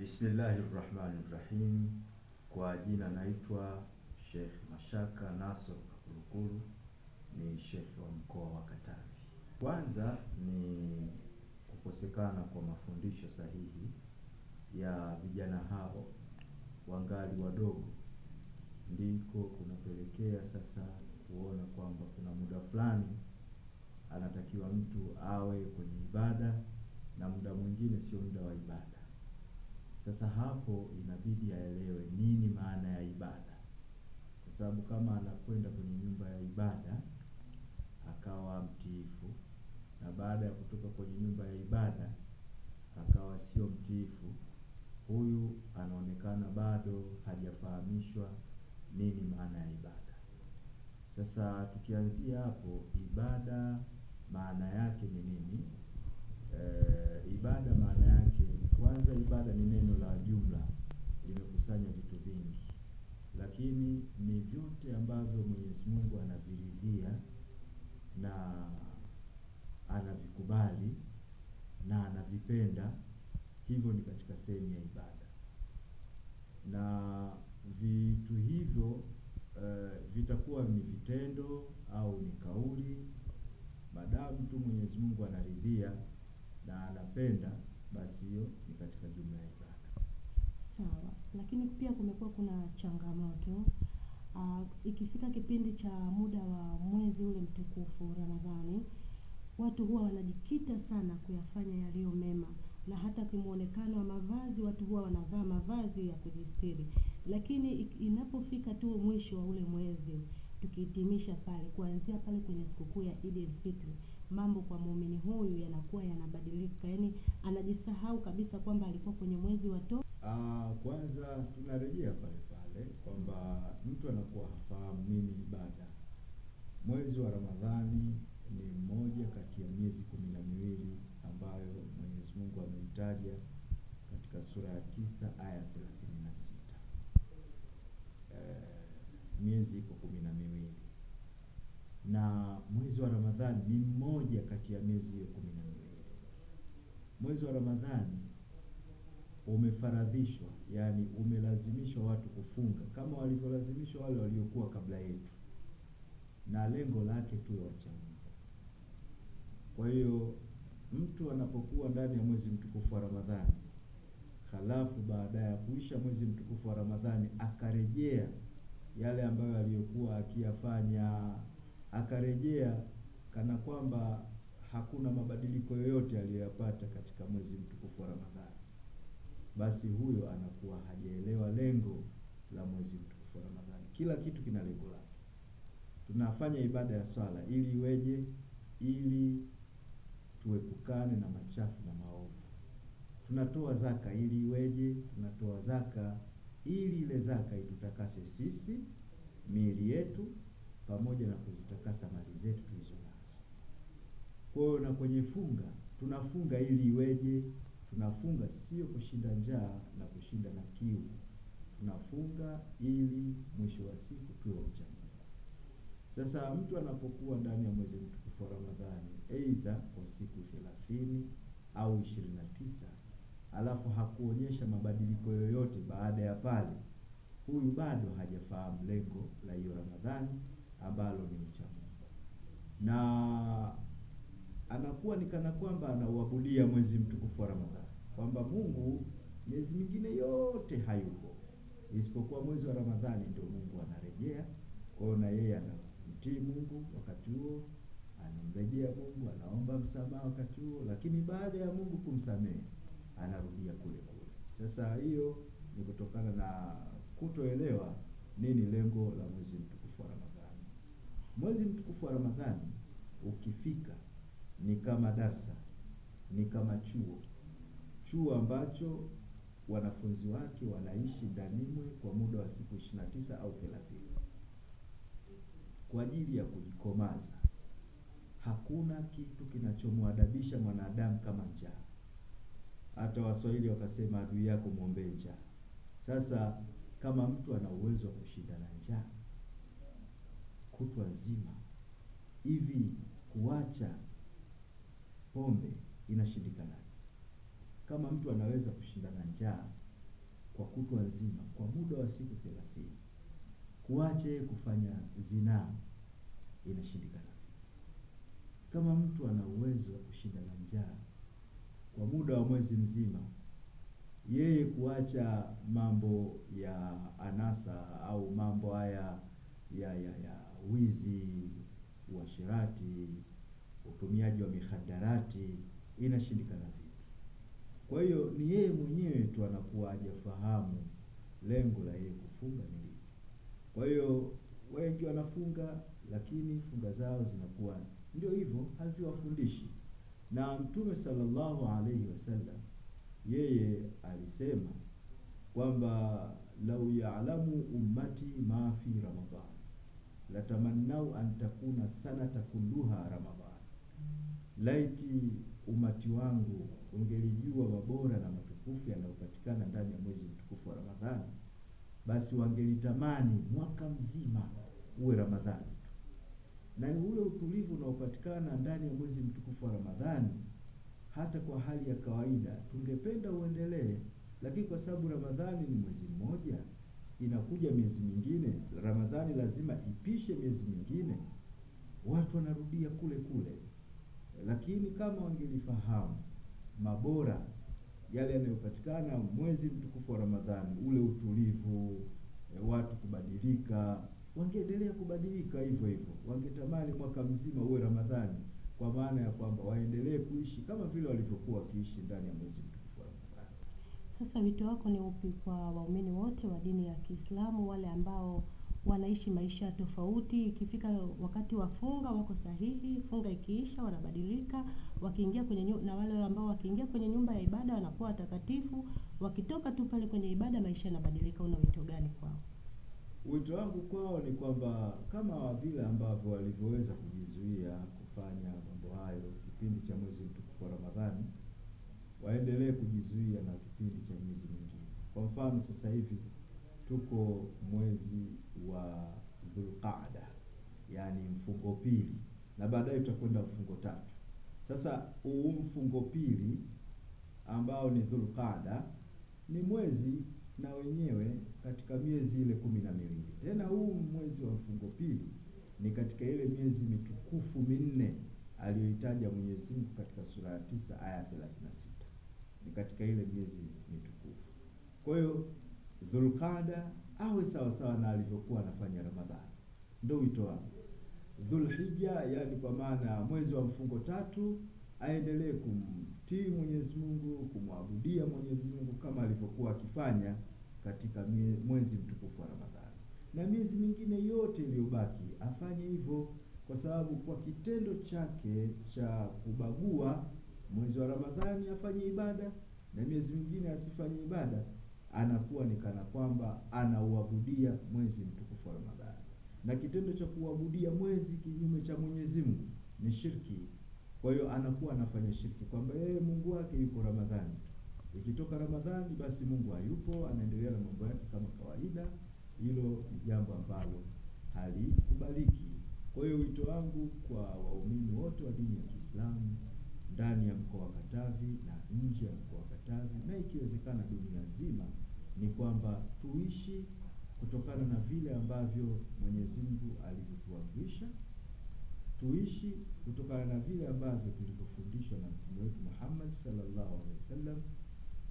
Bismillahi rahmani rahim. Kwa jina naitwa Sheikh Mashaka Nasor Kakulukulu, ni Sheikh wa mkoa wa Katavi. Kwanza ni kukosekana kwa mafundisho sahihi ya vijana hao wangali wadogo, ndiko kunapelekea sasa kuona kwamba kuna muda fulani anatakiwa mtu awe kwenye ibada na muda mwingine sio muda wa ibada. Sasa hapo inabidi aelewe nini maana ya ibada, kwa sababu kama anakwenda kwenye nyumba ya ibada akawa mtiifu, na baada ya kutoka kwenye nyumba ya ibada akawa sio mtiifu, huyu anaonekana bado hajafahamishwa nini maana ya ibada. Sasa tukianzia hapo, ibada maana yake ni nini? E, ibada maana yake kwanza, ibada ni neno la jumla, limekusanya vitu vingi, lakini ni vyote ambavyo Mwenyezi Mungu anaviridhia na anavikubali na anavipenda, hivyo ni katika sehemu ya ibada na vitu hivyo uh, vitakuwa ni vitendo au ni kauli, madamu tu Mwenyezi Mungu anaridhia na anapenda basi hiyo ni katika jumla ya ibada. Sawa, lakini pia kumekuwa kuna changamoto uh, ikifika kipindi cha muda wa mwezi ule mtukufu Ramadhani, watu huwa wanajikita sana kuyafanya yaliyo mema, na hata kimwonekano wa mavazi watu huwa wanavaa mavazi ya kujistiri, lakini inapofika tu mwisho wa ule mwezi Hitimisha pale kuanzia pale kwenye sikukuu ya Eid al-Fitr, mambo kwa muumini huyu yanakuwa yanabadilika, yaani anajisahau kabisa kwamba alikuwa kwenye mwezi wa to Ah, kwanza tunarejea pale pale kwamba mtu anakuwa hafahamu nini ibada. Mwezi wa Ramadhani ni mmoja kati ya miezi kumi na miwili ambayo Mwenyezi Mungu ameitaja katika sura ya tisa aya thelathini na sita. Eh, miezi iko kumi na miwili na mwezi wa Ramadhani ni mmoja kati ya miezi hiyo kumi na mbili. Mwezi wa Ramadhani umefaradhishwa, yaani umelazimishwa watu kufunga kama walivyolazimishwa wale waliokuwa kabla yetu, na lengo lake tu wachamungu. Kwa hiyo mtu anapokuwa ndani ya mwezi mtukufu wa Ramadhani halafu baada ya kuisha mwezi mtukufu wa Ramadhani akarejea yale ambayo aliyokuwa akiyafanya akarejea kana kwamba hakuna mabadiliko yoyote aliyoyapata katika mwezi mtukufu wa Ramadhani, basi huyo anakuwa hajaelewa lengo la mwezi mtukufu wa Ramadhani. Kila kitu kina lengo lake. Tunafanya ibada ya swala ili iweje? Ili tuepukane na machafu na maovu. Tunatoa zaka ili iweje? Tunatoa zaka ili ile zaka itutakase sisi, miili yetu pamoja na kuzitakasa mali zetu tulizonazo. Kwa hiyo na kwenye funga, tunafunga ili iweje? Tunafunga sio kushinda njaa na kushinda na kiu, tunafunga ili mwisho wa siku tuwe wacha Mungu. Sasa mtu anapokuwa ndani ya mwezi mtukufu wa Ramadhani, aidha kwa siku thelathini au ishirini na tisa alafu hakuonyesha mabadiliko yoyote baada ya pale, huyu bado hajafahamu lengo la hiyo Ramadhani ambalo ni mchana na anakuwa ni kana kwamba anauabudia mwezi mtukufu wa Ramadhani, kwamba Mungu miezi mingine yote hayupo isipokuwa mwezi wa Ramadhani ndio Mungu anarejea kwao, na yeye anamtii Mungu wakati huo, anamrejea Mungu, anaomba msamaha wakati huo, lakini baada ya Mungu kumsamehe anarudia kule kule. Sasa hiyo ni kutokana na kutoelewa nini lengo la mwezi mtukufu. Mwezi mtukufu wa Ramadhani ukifika ni kama darsa, ni kama chuo, chuo ambacho wanafunzi wake wanaishi Danimwe kwa muda wa siku 29 au 30 kwa ajili ya kujikomaza. Hakuna kitu kinachomwadabisha mwanadamu kama njaa. Hata Waswahili wakasema adui yako mwombee njaa. Sasa kama mtu ana uwezo wa kushinda na njaa kutwa hivi kuacha pombe inashindikanaje? Kama mtu anaweza kushindana njaa kwa kutwa nzima kwa muda wa siku thelathini, kuache kufanya zinaa inashindikana. Kama mtu ana uwezo wa kushindana njaa kwa muda wa mwezi mzima, yeye kuacha mambo ya anasa au mambo haya ya ya ya wizi uasherati, utumiaji wa mihadarati, inashindikana vipi? Kwa hiyo ni yeye mwenyewe tu anakuwa hajafahamu lengo la yeye kufunga ni lipi. Kwa hiyo wengi wanafunga, lakini funga zao zinakuwa ndio hivyo, haziwafundishi. Na Mtume sallallahu alaihi wasallam yeye alisema kwamba lau yaalamu ummati ma fi Ramadhan latamannau an takuna sanata kulluha Ramadhan, laiti umati wangu ungelijua mabora na matukufu yanayopatikana ndani ya mwezi mtukufu wa Ramadhani, basi wangelitamani mwaka mzima uwe Ramadhani tu. Na ni ule utulivu unaopatikana ndani ya mwezi mtukufu wa Ramadhani, hata kwa hali ya kawaida tungependa uendelee, lakini kwa sababu Ramadhani ni mwezi mmoja inakuja miezi mingine, Ramadhani lazima ipishe miezi mingine, watu wanarudia kule kule. Lakini kama wangelifahamu mabora yale yanayopatikana mwezi mtukufu wa Ramadhani, ule utulivu, e, watu kubadilika, wangeendelea kubadilika hivyo hivyo, wangetamani mwaka mzima uwe Ramadhani, kwa maana ya kwamba waendelee kuishi kama vile walivyokuwa wakiishi ndani ya mwezi mtukufu. Sasa wito wako ni upi kwa waumini wote wa dini ya Kiislamu, wale ambao wanaishi maisha tofauti? Ikifika wakati wa funga wako sahihi, funga ikiisha wanabadilika, wakiingia kwenye nyu- na wale ambao wakiingia kwenye nyumba ya ibada wanakuwa watakatifu, wakitoka tu pale kwenye ibada maisha yanabadilika. Una wito gani kwao? Wito wangu kwao ni kwamba kama vile ambavyo walivyoweza kujizuia kufanya mambo hayo kipindi cha mwezi mtukufu wa Ramadhani waendelee kujizuia na kipindi cha miezi mingine. Kwa mfano sasa hivi tuko mwezi wa Dhulqaada, yaani mfungo pili, na baadaye tutakwenda mfungo tatu. Sasa huu mfungo pili ambao ni Dhulqaada ni mwezi na wenyewe katika miezi ile kumi na miwili. Tena huu mwezi wa mfungo pili ni katika ile miezi mitukufu minne aliyoitaja Mwenyezi Mungu katika sura ya tisa aya 36 ni katika ile miezi mitukufu. Kwa hiyo Dhulqada awe sawa sawa na alivyokuwa anafanya Ramadhani, ndio wito wangu. Dhulhijja, yaani kwa maana mwezi wa mfungo tatu, aendelee kumtii Mwenyezi Mungu, kumwabudia Mwenyezi Mungu kama alivyokuwa akifanya katika mwezi mtukufu wa Ramadhani, na miezi mingine yote iliyobaki afanye hivyo, kwa sababu kwa kitendo chake cha kubagua mwezi wa Ramadhani afanye ibada na miezi mingine asifanye ibada, anakuwa ni kana kwamba anauabudia mwezi mtukufu wa Ramadhani. Na kitendo cha kuabudia mwezi kinyume cha Mwenyezi Mungu ni shirki. Kwa hiyo anakuwa anafanya shirki kwamba yeye eh, Mungu wake yuko Ramadhani, ikitoka Ramadhani basi Mungu hayupo, anaendelea na mambo yake kama kawaida. Hilo ni jambo ambalo halikubaliki. Kwa hiyo wito wangu kwa waumini wote wa dini ya Kiislamu ndani ya mkoa wa Katavi na nje ya mkoa wa Katavi na ikiwezekana dunia nzima, ni kwamba tuishi kutokana na vile ambavyo Mwenyezi Mungu alivyotuamrisha, tuishi kutokana na vile ambavyo tulivyofundishwa na Mtume wetu Muhammad sallallahu alaihi wasallam,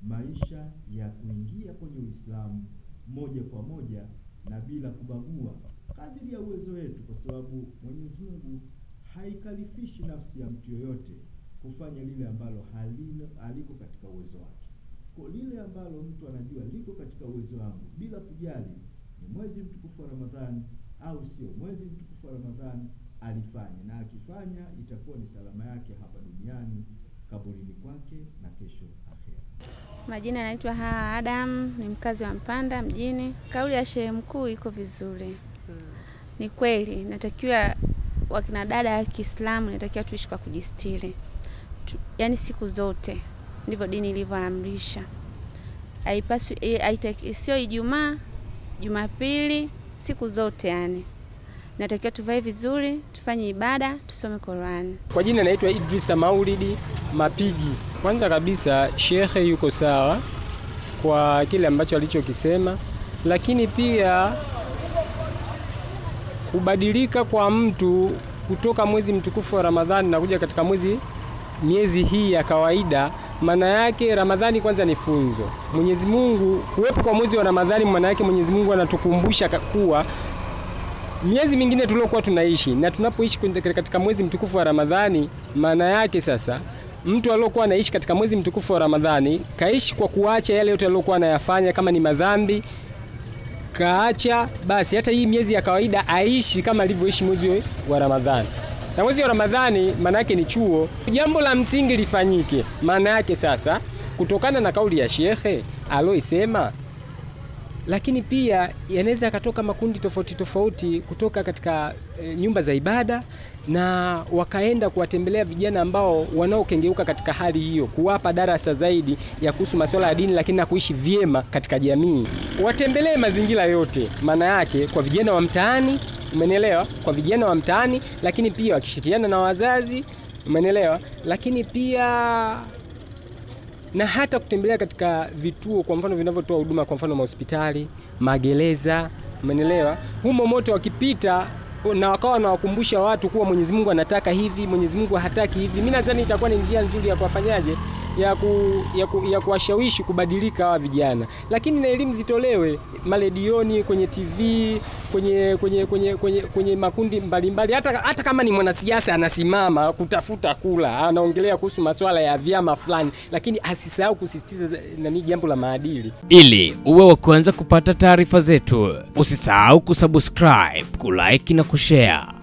maisha ya kuingia kwenye Uislamu moja kwa moja na bila kubagua kadiri ya uwezo wetu, kwa sababu Mwenyezi Mungu haikalifishi nafsi ya mtu yoyote kufanya lile ambalo halina haliko katika uwezo wake. Kwa lile ambalo mtu anajua liko katika uwezo wangu, bila kujali ni mwezi mtukufu wa Ramadhani au sio mwezi mtukufu wa Ramadhani, alifanye na akifanya itakuwa ni salama yake hapa duniani kaburini kwake na kesho akhera. Majina yanaitwa Hawa Adam, ni mkazi wa Mpanda mjini. Kauli ya shehe mkuu iko vizuri, hmm. ni kweli, natakiwa wakina dada ya Kiislamu, natakiwa tuishi kwa kujistiri yani siku zote ndivyo dini ilivyoamrisha. Haipaswi eh, haitaki, sio Ijumaa, Jumapili, siku zote yani natakiwa tuvae vizuri, tufanye ibada, tusome Qur'an. Kwa jina naitwa Idrisa Maulidi Mapigi. Kwanza kabisa, shekhe yuko sawa kwa kile ambacho alichokisema, lakini pia kubadilika kwa mtu kutoka mwezi mtukufu wa Ramadhani na kuja katika mwezi miezi hii ya kawaida, maana yake Ramadhani kwanza ni funzo. Mwenyezi Mungu kuwepo kwa mwezi wa Ramadhani, maana yake Mwenyezi Mungu anatukumbusha kuwa miezi mingine tuliokuwa tunaishi na tunapoishi katika mwezi mtukufu wa Ramadhani, maana yake sasa mtu aliyokuwa anaishi katika mwezi mtukufu wa Ramadhani kaishi kwa kuacha yale yote aliyokuwa anayafanya, kama ni madhambi kaacha, basi hata hii miezi ya kawaida aishi kama alivyoishi mwezi wa Ramadhani na mwezi wa Ramadhani maana yake ni chuo, jambo la msingi lifanyike. Maana yake sasa, kutokana na kauli ya shekhe aloisema, lakini pia yanaweza yakatoka makundi tofauti tofauti kutoka katika e, nyumba za ibada na wakaenda kuwatembelea vijana ambao wanaokengeuka katika hali hiyo, kuwapa darasa zaidi ya kuhusu masuala ya dini, lakini na kuishi vyema katika jamii. Watembelee mazingira yote, maana yake kwa vijana wa mtaani umenielewa, kwa vijana wa mtaani, lakini pia wakishirikiana na wazazi, umenielewa, lakini pia na hata kutembelea katika vituo kwa mfano vinavyotoa huduma, kwa mfano mahospitali, magereza, umenielewa, humo moto wakipita na wakawa wanawakumbusha watu kuwa Mwenyezi Mungu anataka hivi, Mwenyezi Mungu hataki hivi. Mimi nadhani itakuwa ni njia nzuri ya kuwafanyaje ya, ku, ya, ku, ya kuwashawishi kubadilika hawa vijana, lakini na elimu zitolewe maredioni, kwenye TV, kwenye kwenye kwenye kwenye, kwenye makundi mbalimbali. Hata, hata kama ni mwanasiasa anasimama kutafuta kula, anaongelea kuhusu masuala ya vyama fulani, lakini asisahau kusisitiza nani, jambo la maadili. Ili uwe wa kwanza kupata taarifa zetu, usisahau kusubscribe, kulike na kushare.